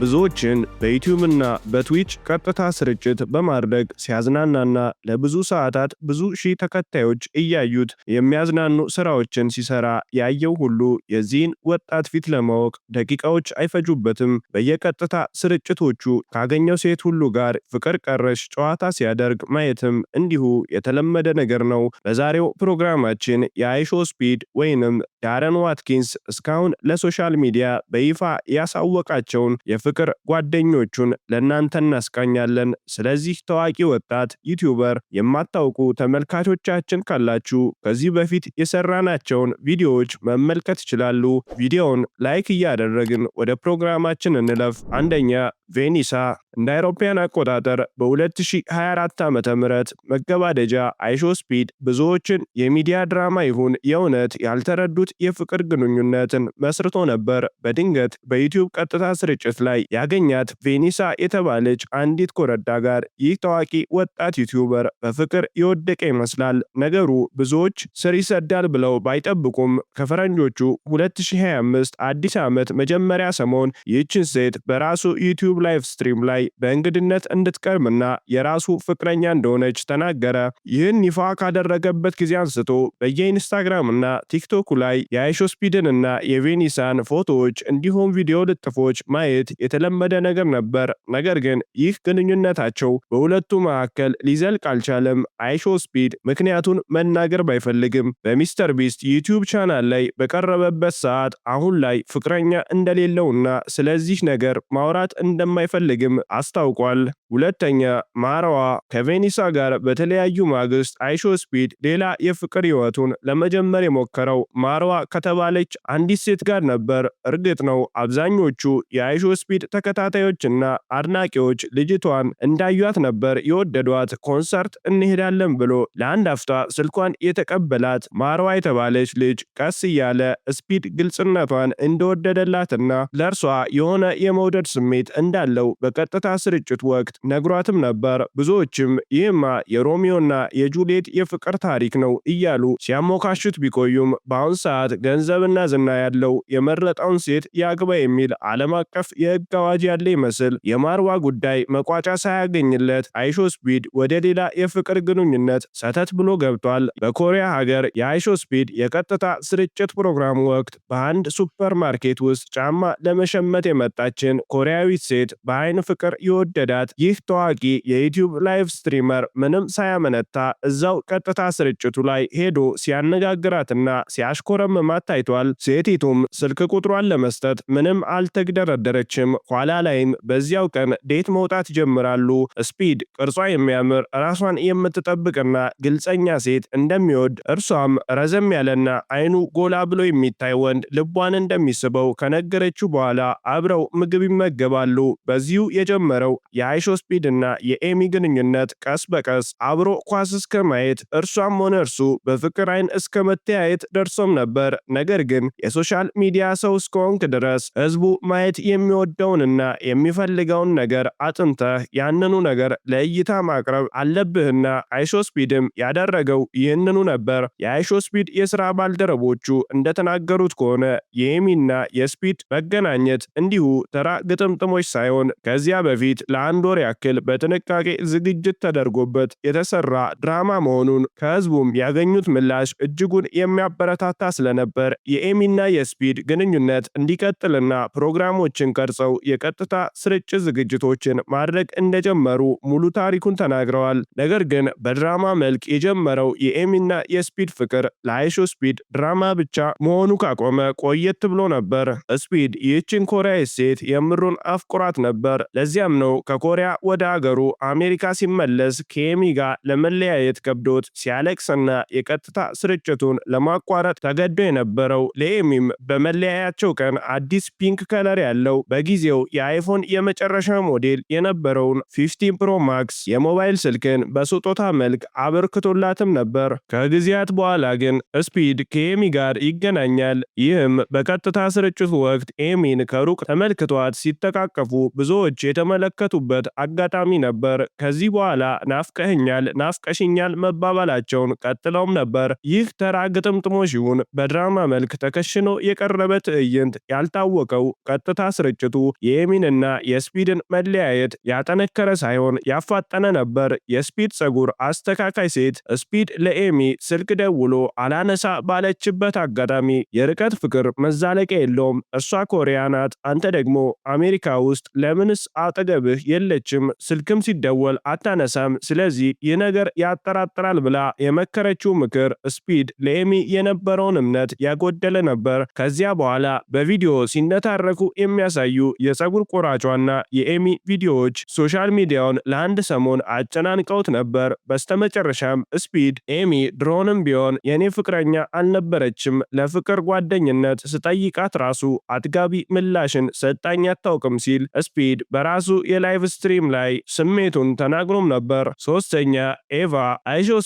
ብዙዎችን በዩቲዩብና በትዊች ቀጥታ ስርጭት በማድረግ ሲያዝናናና ለብዙ ሰዓታት ብዙ ሺህ ተከታዮች እያዩት የሚያዝናኑ ስራዎችን ሲሰራ ያየው ሁሉ የዚህን ወጣት ፊት ለማወቅ ደቂቃዎች አይፈጁበትም። በየቀጥታ ስርጭቶቹ ካገኘው ሴት ሁሉ ጋር ፍቅር ቀረሽ ጨዋታ ሲያደርግ ማየትም እንዲሁ የተለመደ ነገር ነው። በዛሬው ፕሮግራማችን የአይሾ ስፒድ ወይንም የአረን ዋትኪንስ እስካሁን ለሶሻል ሚዲያ በይፋ ያሳወቃቸውን የፍቅር ጓደኞቹን ለእናንተ እናስቃኛለን። ስለዚህ ታዋቂ ወጣት ዩቲዩበር የማታውቁ ተመልካቾቻችን ካላችሁ ከዚህ በፊት የሰራናቸውን ቪዲዮዎች መመልከት ይችላሉ። ቪዲዮውን ላይክ እያደረግን ወደ ፕሮግራማችን እንለፍ። አንደኛ ቬኒሳ እንደ አውሮፓውያን አቆጣጠር በ2024 ዓ ም መገባደጃ አይሾ ስፒድ ብዙዎችን የሚዲያ ድራማ ይሁን የእውነት ያልተረዱት የፍቅር ግንኙነትን መስርቶ ነበር። በድንገት በዩቲዩብ ቀጥታ ስርጭት ላይ ያገኛት ቬኒሳ የተባለች አንዲት ኮረዳ ጋር ይህ ታዋቂ ወጣት ዩቲዩበር በፍቅር የወደቀ ይመስላል። ነገሩ ብዙዎች ስር ይሰዳል ብለው ባይጠብቁም ከፈረንጆቹ 2025 አዲስ ዓመት መጀመሪያ ሰሞን ይህችን ሴት በራሱ ዩቲዩብ ላይቭ ስትሪም ላይ ላይ በእንግድነት እንድትቀርምና የራሱ ፍቅረኛ እንደሆነች ተናገረ። ይህን ይፋ ካደረገበት ጊዜ አንስቶ በየኢንስታግራምና ቲክቶኩ ላይ የአይሾስፒድንና የቬኒሳን ፎቶዎች እንዲሁም ቪዲዮ ልጥፎች ማየት የተለመደ ነገር ነበር። ነገር ግን ይህ ግንኙነታቸው በሁለቱ መካከል ሊዘልቅ አልቻለም። አይሾስፒድ ምክንያቱን መናገር ባይፈልግም በሚስተር ቢስት ዩቲዩብ ቻናል ላይ በቀረበበት ሰዓት አሁን ላይ ፍቅረኛ እንደሌለውና ስለዚህ ነገር ማውራት እንደማይፈልግም አስታውቋል። ሁለተኛ ማረዋ ከቬኒሳ ጋር በተለያዩ ማግስት አይሾ ስፒድ ሌላ የፍቅር ህይወቱን ለመጀመር የሞከረው ማረዋ ከተባለች አንዲት ሴት ጋር ነበር። እርግጥ ነው አብዛኞቹ የአይሾ ስፒድ ተከታታዮችና አድናቂዎች ልጅቷን እንዳዩት ነበር የወደዷት። ኮንሰርት እንሄዳለን ብሎ ለአንድ አፍታ ስልኳን የተቀበላት ማረዋ የተባለች ልጅ ቀስ እያለ ስፒድ ግልጽነቷን እንደወደደላትና ለእርሷ የሆነ የመውደድ ስሜት እንዳለው በቀጥታ ስርጭት ወቅት ነግሯትም ነበር። ብዙዎችም ይህማ የሮሚዮና የጁሊየት የፍቅር ታሪክ ነው እያሉ ሲያሞካሹት ቢቆዩም በአሁን ሰዓት ገንዘብና ዝና ያለው የመረጠውን ሴት ያግባ የሚል ዓለም አቀፍ የህግ አዋጅ ያለ ይመስል የማርዋ ጉዳይ መቋጫ ሳያገኝለት አይሾ ስፒድ ወደ ሌላ የፍቅር ግንኙነት ሰተት ብሎ ገብቷል። በኮሪያ ሀገር የአይሾ ስፒድ የቀጥታ ስርጭት ፕሮግራም ወቅት በአንድ ሱፐርማርኬት ውስጥ ጫማ ለመሸመት የመጣችን ኮሪያዊት ሴት በአይን ፍቅር ይወደዳት። ይህ ይህ ታዋቂ የዩቲዩብ ላይቭ ስትሪመር ምንም ሳያመነታ እዛው ቀጥታ ስርጭቱ ላይ ሄዶ ሲያነጋግራትና ሲያሽኮረምማት ታይቷል። ሴቲቱም ስልክ ቁጥሯን ለመስጠት ምንም አልተግደረደረችም። ኋላ ላይም በዚያው ቀን ዴት መውጣት ጀምራሉ። ስፒድ ቅርጿ የሚያምር ራሷን የምትጠብቅና ግልጸኛ ሴት እንደሚወድ እርሷም ረዘም ያለና አይኑ ጎላ ብሎ የሚታይ ወንድ ልቧን እንደሚስበው ከነገረችው በኋላ አብረው ምግብ ይመገባሉ። በዚሁ የጀመረው የአይሾ ስፒድ እና የኤሚ ግንኙነት ቀስ በቀስ አብሮ ኳስ እስከ ማየት እርሷም ሆነ እርሱ በፍቅር አይን እስከ መተያየት ደርሶም ነበር። ነገር ግን የሶሻል ሚዲያ ሰው እስከሆንክ ድረስ ህዝቡ ማየት የሚወደውንና የሚፈልገውን ነገር አጥንተህ ያንኑ ነገር ለእይታ ማቅረብ አለብህና አይሾ ስፒድም ያደረገው ይህንኑ ነበር። የአይሾ ስፒድ የስራ ባልደረቦቹ እንደተናገሩት ከሆነ የኤሚና የስፒድ መገናኘት እንዲሁ ተራ ግጥምጥሞች ሳይሆን ከዚያ በፊት ለአንድ ወር ያክል በጥንቃቄ ዝግጅት ተደርጎበት የተሰራ ድራማ መሆኑን ከህዝቡም ያገኙት ምላሽ እጅጉን የሚያበረታታ ስለነበር የኤሚና የስፒድ ግንኙነት እንዲቀጥልና ፕሮግራሞችን ቀርጸው የቀጥታ ስርጭት ዝግጅቶችን ማድረግ እንደጀመሩ ሙሉ ታሪኩን ተናግረዋል። ነገር ግን በድራማ መልክ የጀመረው የኤሚና የስፒድ ፍቅር ለአይሾ ስፒድ ድራማ ብቻ መሆኑ ካቆመ ቆየት ብሎ ነበር። ስፒድ ይህችን ኮሪያ ሴት የምሩን አፍቁራት ነበር። ለዚያም ነው ከኮሪያ ወደ አገሩ አሜሪካ ሲመለስ ከኤሚ ጋር ለመለያየት ከብዶት ሲያለቅስና የቀጥታ ስርጭቱን ለማቋረጥ ተገዶ የነበረው ለኤሚም በመለያያቸው ቀን አዲስ ፒንክ ከለር ያለው በጊዜው የአይፎን የመጨረሻ ሞዴል የነበረውን 15 ፕሮ ማክስ የሞባይል ስልክን በስጦታ መልክ አበርክቶላትም ነበር። ከጊዜያት በኋላ ግን ስፒድ ከኤሚ ጋር ይገናኛል። ይህም በቀጥታ ስርጭቱ ወቅት ኤሚን ከሩቅ ተመልክቷት ሲተቃቀፉ ብዙዎች የተመለከቱበት አጋጣሚ ነበር። ከዚህ በኋላ ናፍቀህኛል፣ ናፍቀሽኛል መባባላቸውን ቀጥለውም ነበር። ይህ ተራ ግጥምጥሞሽ ይሁን በድራማ መልክ ተከሽኖ የቀረበ ትዕይንት ያልታወቀው ቀጥታ ስርጭቱ የኤሚንና የስፒድን መለያየት ያጠነከረ ሳይሆን ያፋጠነ ነበር። የስፒድ ጸጉር አስተካካይ ሴት ስፒድ ለኤሚ ስልክ ደውሎ አላነሳ ባለችበት አጋጣሚ የርቀት ፍቅር መዛለቂያ የለውም። እሷ ኮሪያ ናት፣ አንተ ደግሞ አሜሪካ ውስጥ ለምንስ አጠገብህ የለች አልመለሰችም። ስልክም ሲደወል አታነሳም። ስለዚህ ይህ ነገር ያጠራጥራል ብላ የመከረችው ምክር ስፒድ ለኤሚ የነበረውን እምነት ያጎደለ ነበር። ከዚያ በኋላ በቪዲዮ ሲነታረኩ የሚያሳዩ የፀጉር ቆራጯና የኤሚ ቪዲዮዎች ሶሻል ሚዲያውን ለአንድ ሰሞን አጨናንቀውት ነበር። በስተመጨረሻም ስፒድ ኤሚ ድሮንም ቢሆን የእኔ ፍቅረኛ አልነበረችም፣ ለፍቅር ጓደኝነት ስጠይቃት ራሱ አጥጋቢ ምላሽን ሰጣኝ አታውቅም ሲል ስፒድ በራሱ የላይቭ ስትሪም ፊልም ላይ ስሜቱን ተናግሮም ነበር። ሶስተኛ ኤቫ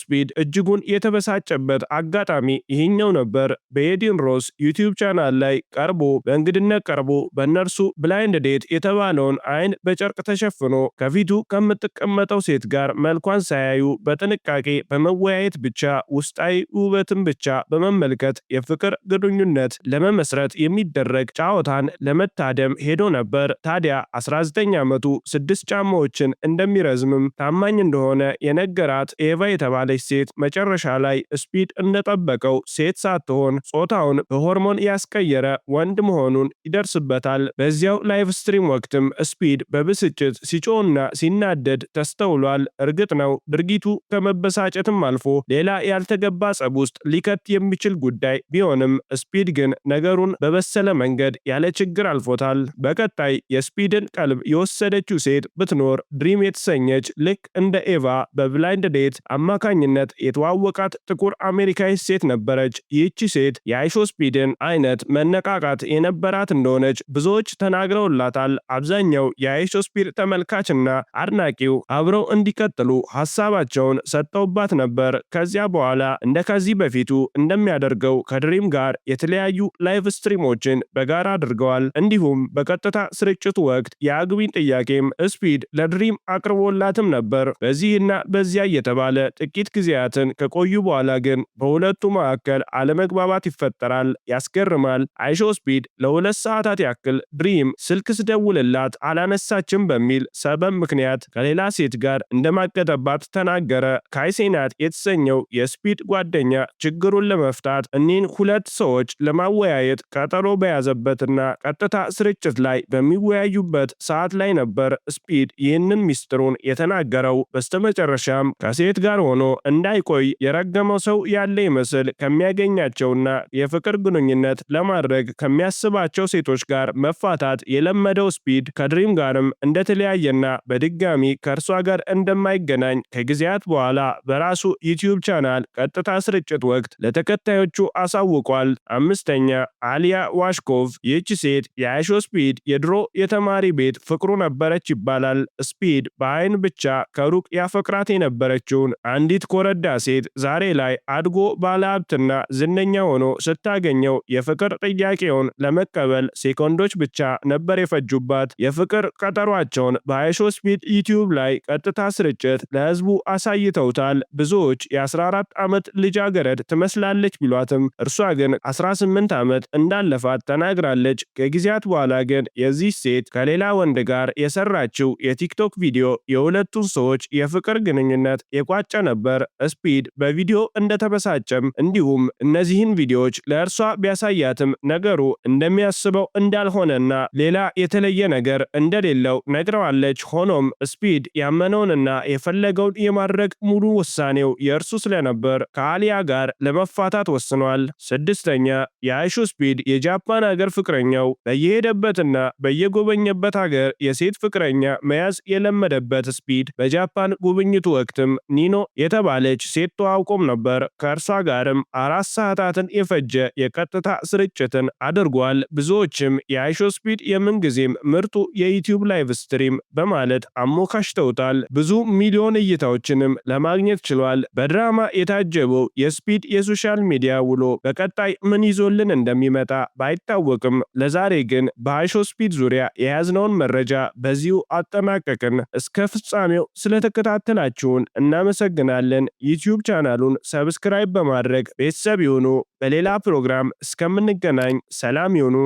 ስፒድ እጅጉን የተበሳጨበት አጋጣሚ ይህኛው ነበር። በኤዲን ሮስ ዩቲዩብ ቻናል ላይ ቀርቦ በእንግድነት ቀርቦ በእነርሱ ብላይንድ ዴት የተባለውን አይን በጨርቅ ተሸፍኖ ከፊቱ ከምትቀመጠው ሴት ጋር መልኳን ሳያዩ በጥንቃቄ በመወያየት ብቻ ውስጣዊ ውበትን ብቻ በመመልከት የፍቅር ግንኙነት ለመመስረት የሚደረግ ጫዋታን ለመታደም ሄዶ ነበር። ታዲያ 19 ዓመቱ ስድስት ጫማ ጫማዎችን እንደሚረዝምም ታማኝ እንደሆነ የነገራት ኤቫ የተባለች ሴት መጨረሻ ላይ ስፒድ እንደጠበቀው ሴት ሳትሆን ጾታውን በሆርሞን ያስቀየረ ወንድ መሆኑን ይደርስበታል። በዚያው ላይቭ ስትሪም ወቅትም ስፒድ በብስጭት ሲጮና ሲናደድ ተስተውሏል። እርግጥ ነው ድርጊቱ ከመበሳጨትም አልፎ ሌላ ያልተገባ ጸብ ውስጥ ሊከት የሚችል ጉዳይ ቢሆንም ስፒድ ግን ነገሩን በበሰለ መንገድ ያለ ችግር አልፎታል። በቀጣይ የስፒድን ቀልብ የወሰደችው ሴት ብትነ ስትኖር ድሪም የተሰኘች ልክ እንደ ኤቫ በብላይንድ ዴት አማካኝነት የተዋወቃት ጥቁር አሜሪካዊ ሴት ነበረች። ይህቺ ሴት የአይሾስፒድን አይነት መነቃቃት የነበራት እንደሆነች ብዙዎች ተናግረውላታል። አብዛኛው የአይሾስፒድ ተመልካችና አድናቂው አብረው እንዲቀጥሉ ሀሳባቸውን ሰጥተውባት ነበር። ከዚያ በኋላ እንደ ከዚህ በፊቱ እንደሚያደርገው ከድሪም ጋር የተለያዩ ላይቭ ስትሪሞችን በጋራ አድርገዋል። እንዲሁም በቀጥታ ስርጭቱ ወቅት የአግቢን ጥያቄም ስፒድ ሰዒድ ለድሪም አቅርቦላትም ነበር። በዚህና በዚያ እየተባለ ጥቂት ጊዜያትን ከቆዩ በኋላ ግን በሁለቱ መካከል አለመግባባት ይፈጠራል። ያስገርማል። አይሾ ስፒድ ለሁለት ሰዓታት ያክል ድሪም ስልክ ስደውልላት አላነሳችም በሚል ሰበብ ምክንያት ከሌላ ሴት ጋር እንደማቀጠባት ተናገረ። ካይሴናት የተሰኘው የስፒድ ጓደኛ ችግሩን ለመፍታት እኒህን ሁለት ሰዎች ለማወያየት ቀጠሮ በያዘበትና ቀጥታ ስርጭት ላይ በሚወያዩበት ሰዓት ላይ ነበር ስፒድ ዳዊት ይህንን ሚስጥሩን የተናገረው በስተመጨረሻም ከሴት ጋር ሆኖ እንዳይቆይ የረገመው ሰው ያለ ይመስል ከሚያገኛቸውና የፍቅር ግንኙነት ለማድረግ ከሚያስባቸው ሴቶች ጋር መፋታት የለመደው ስፒድ ከድሪም ጋርም እንደተለያየና በድጋሚ ከእርሷ ጋር እንደማይገናኝ ከጊዜያት በኋላ በራሱ ዩቲዩብ ቻናል ቀጥታ ስርጭት ወቅት ለተከታዮቹ አሳውቋል። አምስተኛ አሊያ ዋሽኮቭ። ይህች ሴት የአይሾ ስፒድ የድሮ የተማሪ ቤት ፍቅሩ ነበረች ይባላል። ይላል ስፒድ። በአይን ብቻ ከሩቅ ያፈቅራት የነበረችውን አንዲት ኮረዳ ሴት ዛሬ ላይ አድጎ ባለሀብትና ዝነኛ ሆኖ ስታገኘው የፍቅር ጥያቄውን ለመቀበል ሴኮንዶች ብቻ ነበር የፈጁባት። የፍቅር ቀጠሯቸውን በአይሾ ስፒድ ዩቲዩብ ላይ ቀጥታ ስርጭት ለህዝቡ አሳይተውታል። ብዙዎች የ14 ዓመት ልጃገረድ ትመስላለች ቢሏትም እርሷ ግን 18 ዓመት እንዳለፋት ተናግራለች። ከጊዜያት በኋላ ግን የዚህ ሴት ከሌላ ወንድ ጋር የሰራችው የቲክቶክ ቪዲዮ የሁለቱን ሰዎች የፍቅር ግንኙነት የቋጨ ነበር። ስፒድ በቪዲዮ እንደተበሳጨም እንዲሁም እነዚህን ቪዲዮዎች ለእርሷ ቢያሳያትም ነገሩ እንደሚያስበው እንዳልሆነና ሌላ የተለየ ነገር እንደሌለው ነግረዋለች። ሆኖም ስፒድ ያመነውንና የፈለገውን የማድረግ ሙሉ ውሳኔው የእርሱ ስለነበር ከአሊያ ጋር ለመፋታት ወስኗል። ስድስተኛ የአይሹ ስፒድ የጃፓን ሀገር ፍቅረኛው በየሄደበትና በየጎበኘበት ሀገር የሴት ፍቅረኛ መያዝ የለመደበት ስፒድ በጃፓን ጉብኝቱ ወቅትም ኒኖ የተባለች ሴት ተዋውቆም ነበር። ከእርሷ ጋርም አራት ሰዓታትን የፈጀ የቀጥታ ስርጭትን አድርጓል። ብዙዎችም የአይሾ ስፒድ የምንጊዜም ምርጡ የዩቲዩብ ላይቭ ስትሪም በማለት አሞካሽተውታል። ብዙ ሚሊዮን እይታዎችንም ለማግኘት ችሏል። በድራማ የታጀበው የስፒድ የሶሻል ሚዲያ ውሎ በቀጣይ ምን ይዞልን እንደሚመጣ ባይታወቅም ለዛሬ ግን በአይሾ ስፒድ ዙሪያ የያዝነውን መረጃ በዚሁ አጠና እየተጠናቀቅን እስከ ፍጻሜው ስለተከታተላችሁን እናመሰግናለን። ዩቲዩብ ቻናሉን ሰብስክራይብ በማድረግ ቤተሰብ ይሁኑ። በሌላ ፕሮግራም እስከምንገናኝ ሰላም ይሁኑ።